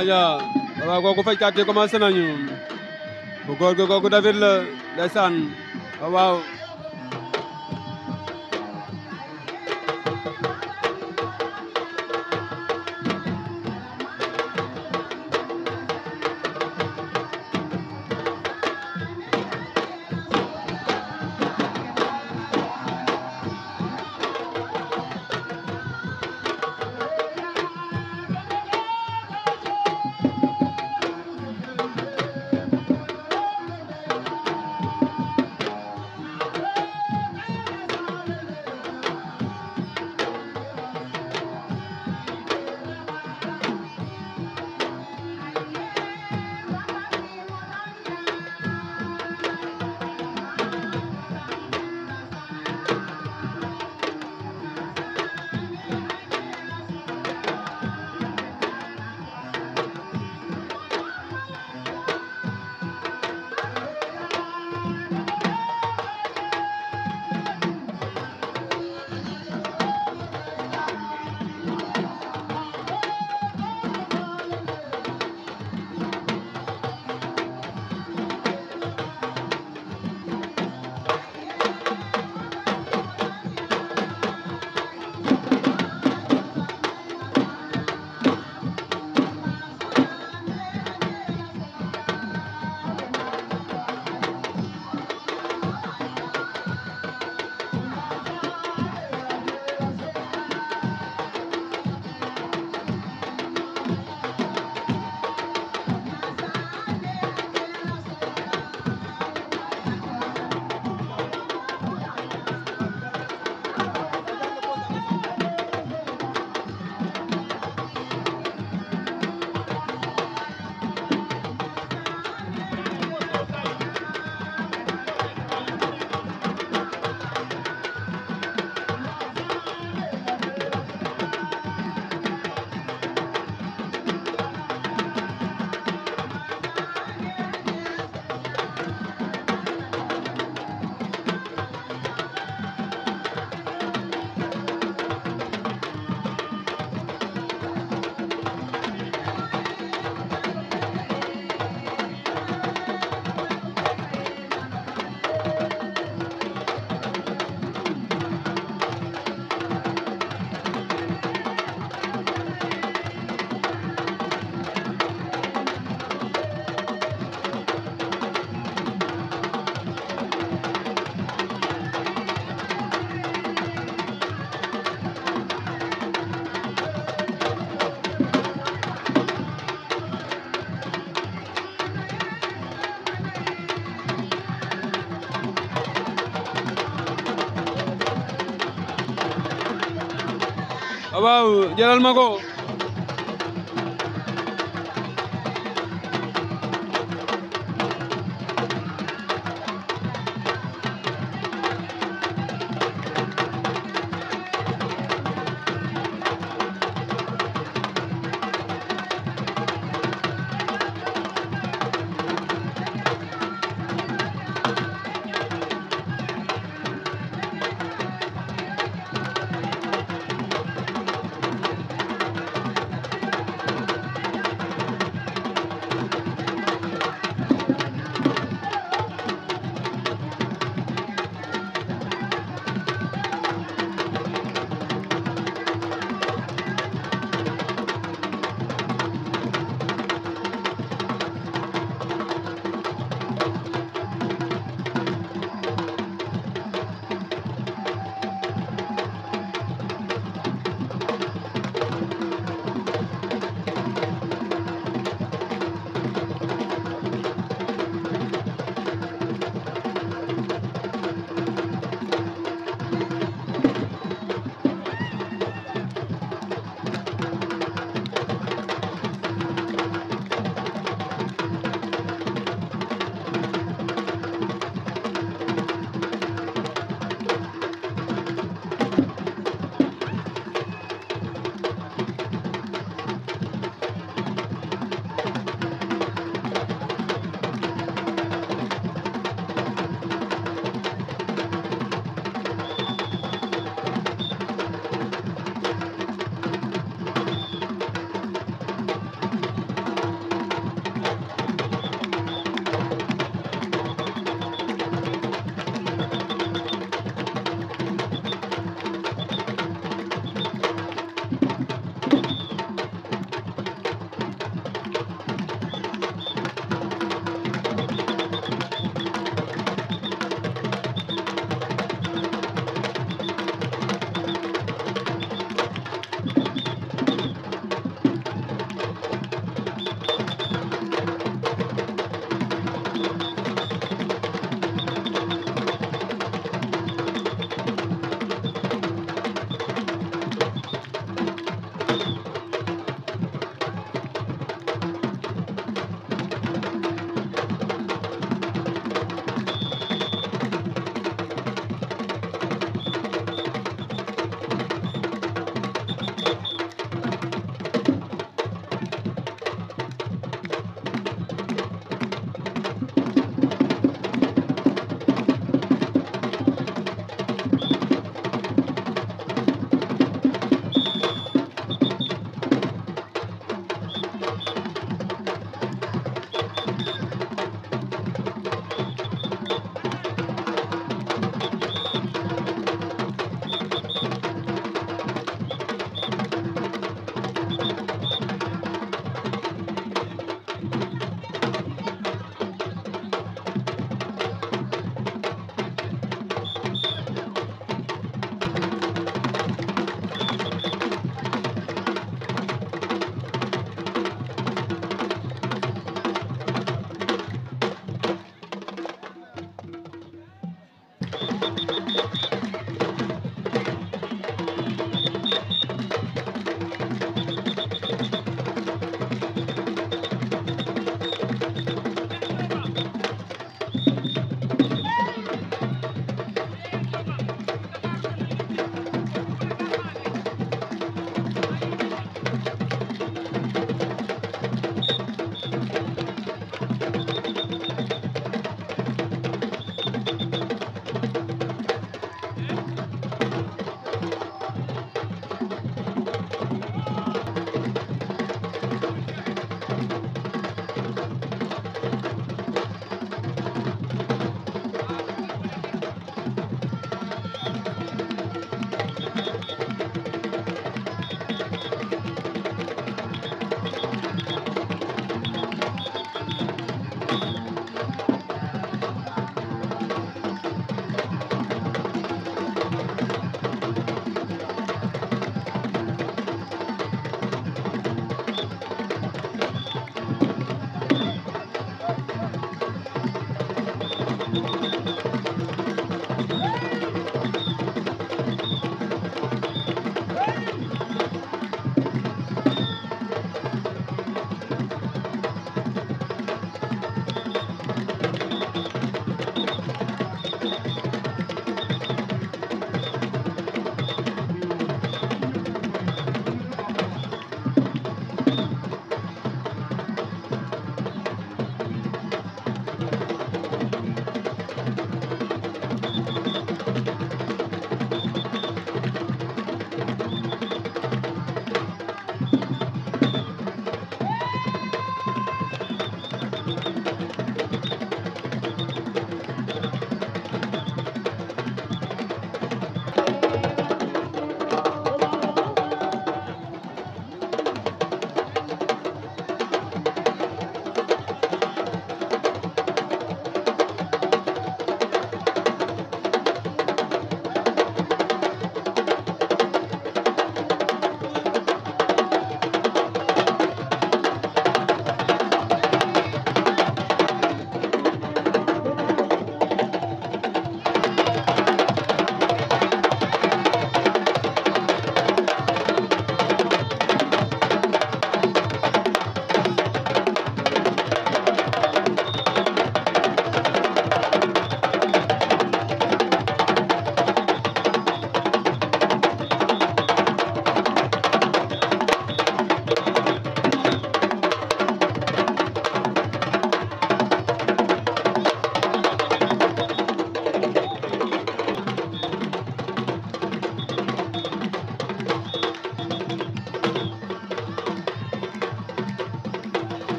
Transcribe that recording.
aja waaw kooku fajkat yi commencé nañu bu góor gi kooku David la ndeysaan waaw jëlal ma ko